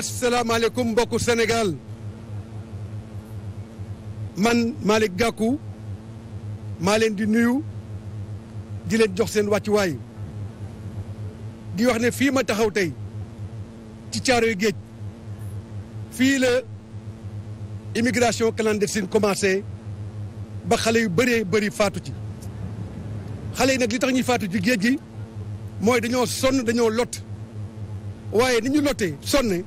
asalaamaaleykum mbokku Sénégal man Malick Gakou maa leen di nuyu di leen jox seen wàccuwaay di wax ne fii ma taxaw tey ci Caaroy Géej fii la immigration clandestine commencé ba xale yu bëree bëri faatu ci xale yi nag li tax ñuy faatu ci géej gi mooy dañoo sonn dañoo lot waaye ni ñu lottee sonne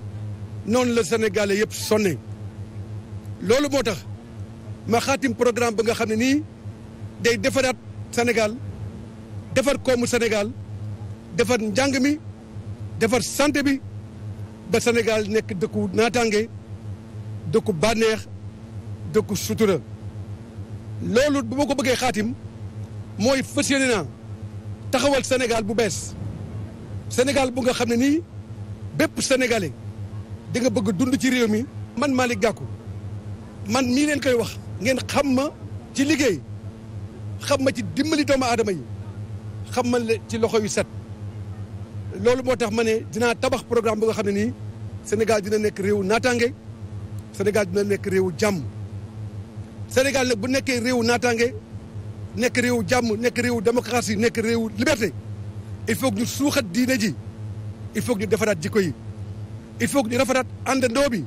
noonu la sénégalais yëpp sonne loolu moo tax ma xaatim programme ba nga xam ne nii day defaraat Sénégal defar koomu Sénégal defar njàng mi defar santé bi ba Sénégal nekk dëkku naataange dëkku bànneex dëkku sutura loolu bu ma ko bëggee xaatim mooy fas yéene naa taxawal Sénégal bu bees Sénégal bu nga xam ne nii bépp sénégalais di nga bëgg dund ci réew mi man Malick Gakou man mii leen koy wax ngeen xam ma ci liggéey xam ma ci dimbali doomu adama yi xam ma ci loxo yu set loolu moo tax ma ne dinaa tabax programme bu xam ne nii Sénégal dina nekk réewu naataange Sénégal dina nekk réewu jàmm Sénégal nag bu nekkee réew naataange nekk réewu jàmm nekk réewu démocratie nekk réewu liberté il faut ñu suuxat diine ji il faut ñu defaraat jikko yi il faut que ñu rafetaat àndandoo bi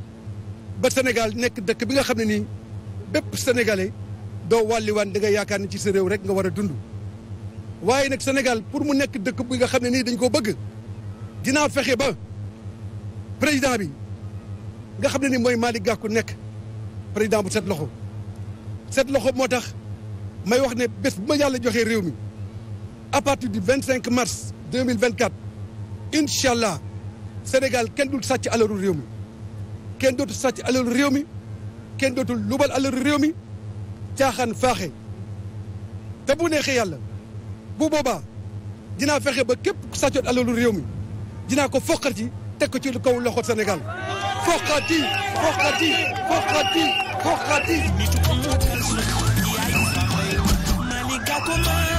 ba Sénégal nekk dëkk bi nga xam ne nii bépp sénégalais doo wàlliwaan da nga yaakaar ne ci sa réew rek nga war a dund. waaye nag Sénégal pour mu nekk dëkk bi nga xam ne nii dañ koo bëgg dinaa fexe ba président bi nga xam ne nii mooy Malick Gakou nekk président bu set loxo set loxo moo tax may wax ne bés bu ma yàlla joxee réew mi à partir du 25 mars 2024 incha allah. Sénégal kenn dul sàcc alalu réew mi kenn dootul sàcc alalu réew mi kenn dootul lubal alalu réew mi caaxaan faaxe te bu neexee yàlla bu boobaa dinaa fexe ba képp ku sàccoon alalu réew mi dinaa ko foqat yi teg ko ci kaw loxo Sénégal foqat yi foqat yi